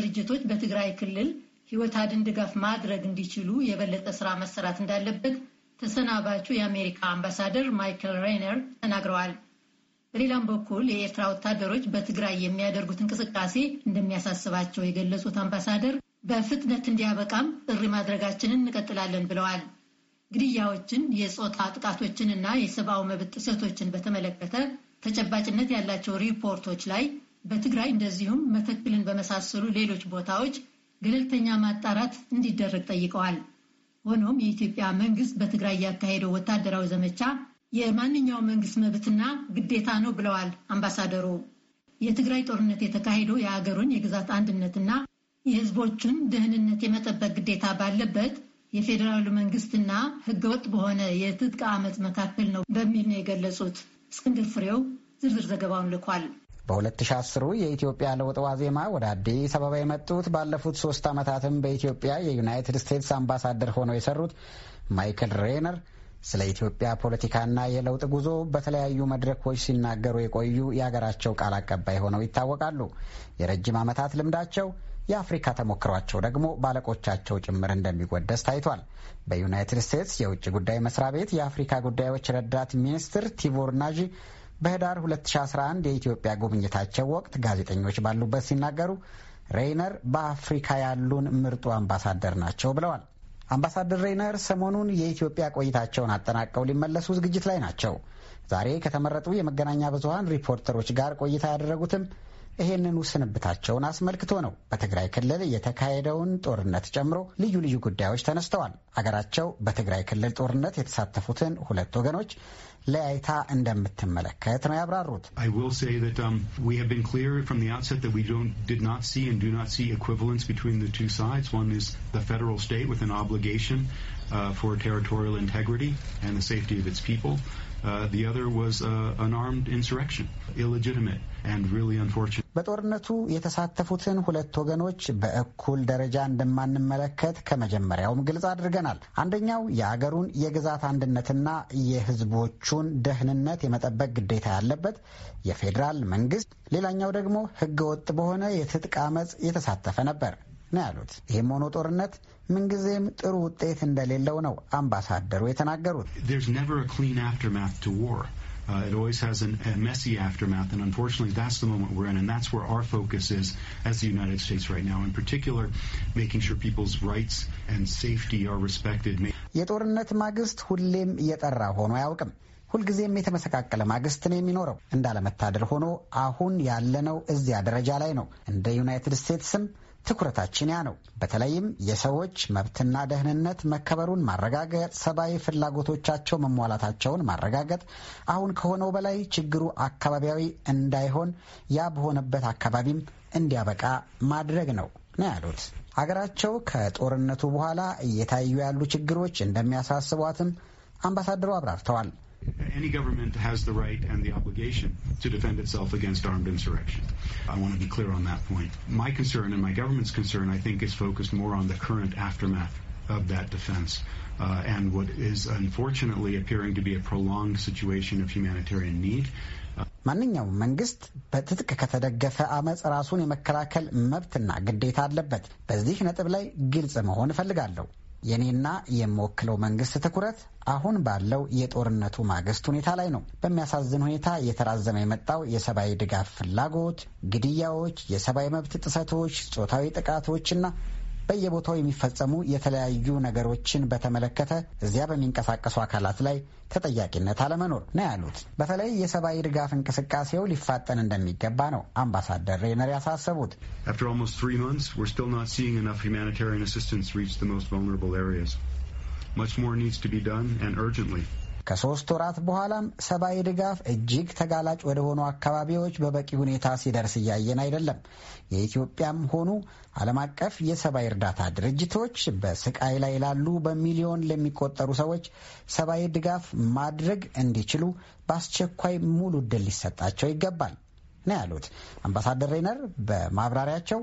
ድርጅቶች በትግራይ ክልል ሕይወት አድን ድጋፍ ማድረግ እንዲችሉ የበለጠ ስራ መሰራት እንዳለበት ተሰናባቹ የአሜሪካ አምባሳደር ማይክል ሬይነር ተናግረዋል። በሌላም በኩል የኤርትራ ወታደሮች በትግራይ የሚያደርጉት እንቅስቃሴ እንደሚያሳስባቸው የገለጹት አምባሳደር በፍጥነት እንዲያበቃም ጥሪ ማድረጋችንን እንቀጥላለን ብለዋል። ግድያዎችን፣ የጾታ ጥቃቶችንና የሰብአዊ መብት ጥሰቶችን በተመለከተ ተጨባጭነት ያላቸው ሪፖርቶች ላይ በትግራይ እንደዚሁም መተክልን በመሳሰሉ ሌሎች ቦታዎች ገለልተኛ ማጣራት እንዲደረግ ጠይቀዋል። ሆኖም የኢትዮጵያ መንግስት በትግራይ ያካሄደው ወታደራዊ ዘመቻ የማንኛውም መንግስት መብትና ግዴታ ነው ብለዋል አምባሳደሩ። የትግራይ ጦርነት የተካሄደው የአገሩን የግዛት አንድነትና የህዝቦቹን ደህንነት የመጠበቅ ግዴታ ባለበት የፌዴራሉ መንግስትና ህገወጥ በሆነ የትጥቅ ዓመፅ መካከል ነው በሚል ነው የገለጹት። እስክንድር ፍሬው ዝርዝር ዘገባውን ልኳል። በ2010 የኢትዮጵያ ለውጥ ዋዜማ ወደ አዲስ አበባ የመጡት ባለፉት ሶስት ዓመታትም በኢትዮጵያ የዩናይትድ ስቴትስ አምባሳደር ሆነው የሰሩት ማይክል ሬነር ስለ ኢትዮጵያ ፖለቲካና የለውጥ ጉዞ በተለያዩ መድረኮች ሲናገሩ የቆዩ የአገራቸው ቃል አቀባይ ሆነው ይታወቃሉ። የረጅም ዓመታት ልምዳቸው የአፍሪካ ተሞክሯቸው ደግሞ ባለቆቻቸው ጭምር እንደሚወደስ ታይቷል። በዩናይትድ ስቴትስ የውጭ ጉዳይ መስሪያ ቤት የአፍሪካ ጉዳዮች ረዳት ሚኒስትር ቲቦር ናዢ በህዳር 2011 የኢትዮጵያ ጉብኝታቸው ወቅት ጋዜጠኞች ባሉበት ሲናገሩ ሬይነር በአፍሪካ ያሉን ምርጡ አምባሳደር ናቸው ብለዋል። አምባሳደር ሬይነር ሰሞኑን የኢትዮጵያ ቆይታቸውን አጠናቀው ሊመለሱ ዝግጅት ላይ ናቸው። ዛሬ ከተመረጡ የመገናኛ ብዙሀን ሪፖርተሮች ጋር ቆይታ ያደረጉትም ይህንኑ ስንብታቸውን አስመልክቶ ነው። በትግራይ ክልል የተካሄደውን ጦርነት ጨምሮ ልዩ ልዩ ጉዳዮች ተነስተዋል። አገራቸው በትግራይ ክልል ጦርነት የተሳተፉትን ሁለት ወገኖች ለያይታ እንደምትመለከት ነው ያብራሩት። ፌደራል Uh, the other was uh, an armed insurrection, illegitimate and really unfortunate. በጦርነቱ የተሳተፉትን ሁለት ወገኖች በእኩል ደረጃ እንደማንመለከት ከመጀመሪያውም ግልጽ አድርገናል። አንደኛው የአገሩን የግዛት አንድነትና የሕዝቦቹን ደህንነት የመጠበቅ ግዴታ ያለበት የፌዴራል መንግስት፣ ሌላኛው ደግሞ ሕገ ወጥ በሆነ የትጥቅ አመፅ የተሳተፈ ነበር። ነው ያሉት። ይህም ሆኖ ጦርነት ምንጊዜም ጥሩ ውጤት እንደሌለው ነው አምባሳደሩ የተናገሩት። Uh, it always has an, a messy aftermath, and unfortunately, that's the moment we're in, and that's where our focus is as the United States right now, in particular, making sure people's rights and safety are respected. የጦርነት ማግስት ሁሌም እየጠራ ሆኖ አያውቅም። ሁልጊዜም የተመሰቃቀለ ማግስት ነው የሚኖረው። እንዳለመታደል ሆኖ አሁን ያለነው እዚያ ደረጃ ላይ ነው። እንደ ዩናይትድ ስቴትስም ትኩረታችን ያ ነው። በተለይም የሰዎች መብትና ደህንነት መከበሩን ማረጋገጥ፣ ሰብአዊ ፍላጎቶቻቸው መሟላታቸውን ማረጋገጥ፣ አሁን ከሆነው በላይ ችግሩ አካባቢያዊ እንዳይሆን ያ በሆነበት አካባቢም እንዲያበቃ ማድረግ ነው ነው ያሉት። አገራቸው ከጦርነቱ በኋላ እየታዩ ያሉ ችግሮች እንደሚያሳስቧትም አምባሳደሩ አብራርተዋል። any government has the right and the obligation to defend itself against armed insurrection. I want to be clear on that point. My concern and my government's concern, I think, is focused more on the current aftermath of that defense uh, and what is unfortunately appearing to be a prolonged situation of humanitarian need. ማንኛውም መንግስት በትጥቅ ከተደገፈ አመፅ ራሱን የመከላከል መብትና ግዴታ አለበት። በዚህ ነጥብ ላይ ግልጽ መሆን እፈልጋለሁ። የኔና የምወክለው መንግስት ትኩረት አሁን ባለው የጦርነቱ ማግስት ሁኔታ ላይ ነው። በሚያሳዝን ሁኔታ እየተራዘመ የመጣው የሰብአዊ ድጋፍ ፍላጎት፣ ግድያዎች፣ የሰብአዊ መብት ጥሰቶች፣ ጾታዊ ጥቃቶችና በየቦታው የሚፈጸሙ የተለያዩ ነገሮችን በተመለከተ እዚያ በሚንቀሳቀሱ አካላት ላይ ተጠያቂነት አለመኖር ነው ያሉት። በተለይ የሰብአዊ ድጋፍ እንቅስቃሴው ሊፋጠን እንደሚገባ ነው አምባሳደር ሬነር ያሳሰቡት። Much more needs to be done and urgently. ከሶስት ወራት በኋላም ሰብአዊ ድጋፍ እጅግ ተጋላጭ ወደ ሆኑ አካባቢዎች በበቂ ሁኔታ ሲደርስ እያየን አይደለም። የኢትዮጵያም ሆኑ ዓለም አቀፍ የሰብአዊ እርዳታ ድርጅቶች በስቃይ ላይ ላሉ በሚሊዮን ለሚቆጠሩ ሰዎች ሰብአዊ ድጋፍ ማድረግ እንዲችሉ በአስቸኳይ ሙሉ እድል ሊሰጣቸው ይገባል ነው ያሉት አምባሳደር ሬነር በማብራሪያቸው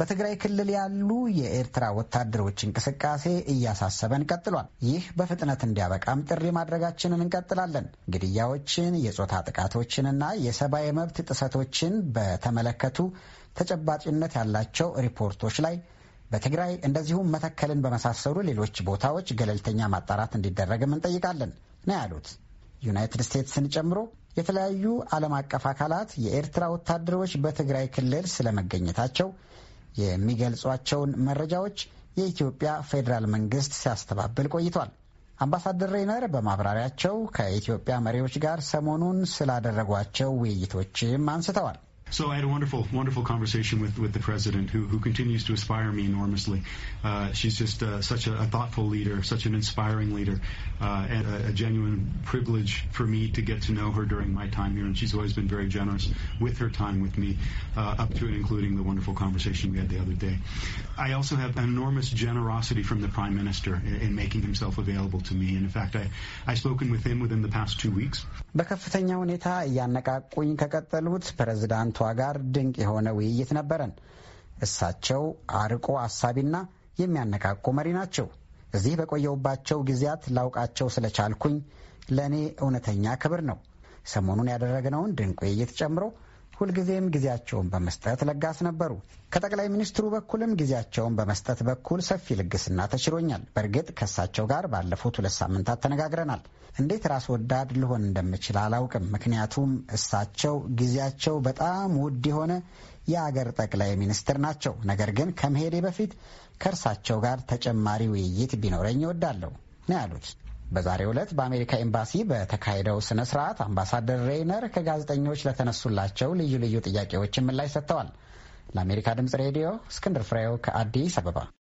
በትግራይ ክልል ያሉ የኤርትራ ወታደሮች እንቅስቃሴ እያሳሰበን ቀጥሏል። ይህ በፍጥነት እንዲያበቃም ጥሪ ማድረጋችንን እንቀጥላለን። ግድያዎችን፣ የጾታ ጥቃቶችንና የሰብአዊ መብት ጥሰቶችን በተመለከቱ ተጨባጭነት ያላቸው ሪፖርቶች ላይ በትግራይ እንደዚሁም መተከልን በመሳሰሉ ሌሎች ቦታዎች ገለልተኛ ማጣራት እንዲደረግም እንጠይቃለን ነው ያሉት። ዩናይትድ ስቴትስን ጨምሮ የተለያዩ ዓለም አቀፍ አካላት የኤርትራ ወታደሮች በትግራይ ክልል ስለመገኘታቸው የሚገልጿቸውን መረጃዎች የኢትዮጵያ ፌዴራል መንግስት ሲያስተባብል ቆይቷል። አምባሳደር ሬይነር በማብራሪያቸው ከኢትዮጵያ መሪዎች ጋር ሰሞኑን ስላደረጓቸው ውይይቶችም አንስተዋል። So I had a wonderful, wonderful conversation with, with the president, who, who continues to inspire me enormously. Uh, she's just uh, such a, a, thoughtful leader, such an inspiring leader, uh, and a, a, genuine privilege for me to get to know her during my time here. And she's always been very generous with her time with me, uh, up to and including the wonderful conversation we had the other day. I also have enormous generosity from the prime minister in, in making himself available to me. And in fact, I I've spoken with him within the past two weeks. ሀብቷ ጋር ድንቅ የሆነ ውይይት ነበረን። እሳቸው አርቆ አሳቢና የሚያነቃቁ መሪ ናቸው። እዚህ በቆየውባቸው ጊዜያት ላውቃቸው ስለቻልኩኝ ለእኔ እውነተኛ ክብር ነው። ሰሞኑን ያደረግነውን ድንቅ ውይይት ጨምሮ ሁልጊዜም ጊዜያቸውን በመስጠት ለጋስ ነበሩ። ከጠቅላይ ሚኒስትሩ በኩልም ጊዜያቸውን በመስጠት በኩል ሰፊ ልግስና ተችሎኛል። በእርግጥ ከእሳቸው ጋር ባለፉት ሁለት ሳምንታት ተነጋግረናል። እንዴት ራስ ወዳድ ልሆን እንደምችል አላውቅም። ምክንያቱም እሳቸው ጊዜያቸው በጣም ውድ የሆነ የአገር ጠቅላይ ሚኒስትር ናቸው። ነገር ግን ከመሄዴ በፊት ከእርሳቸው ጋር ተጨማሪ ውይይት ቢኖረኝ እወዳለሁ ነው ያሉት። በዛሬው ዕለት በአሜሪካ ኤምባሲ በተካሄደው ስነ ስርዓት አምባሳደር ሬይነር ከጋዜጠኞች ለተነሱላቸው ልዩ ልዩ ጥያቄዎች ምላሽ ሰጥተዋል። ለአሜሪካ ድምጽ ሬዲዮ እስክንድር ፍሬው ከአዲስ አበባ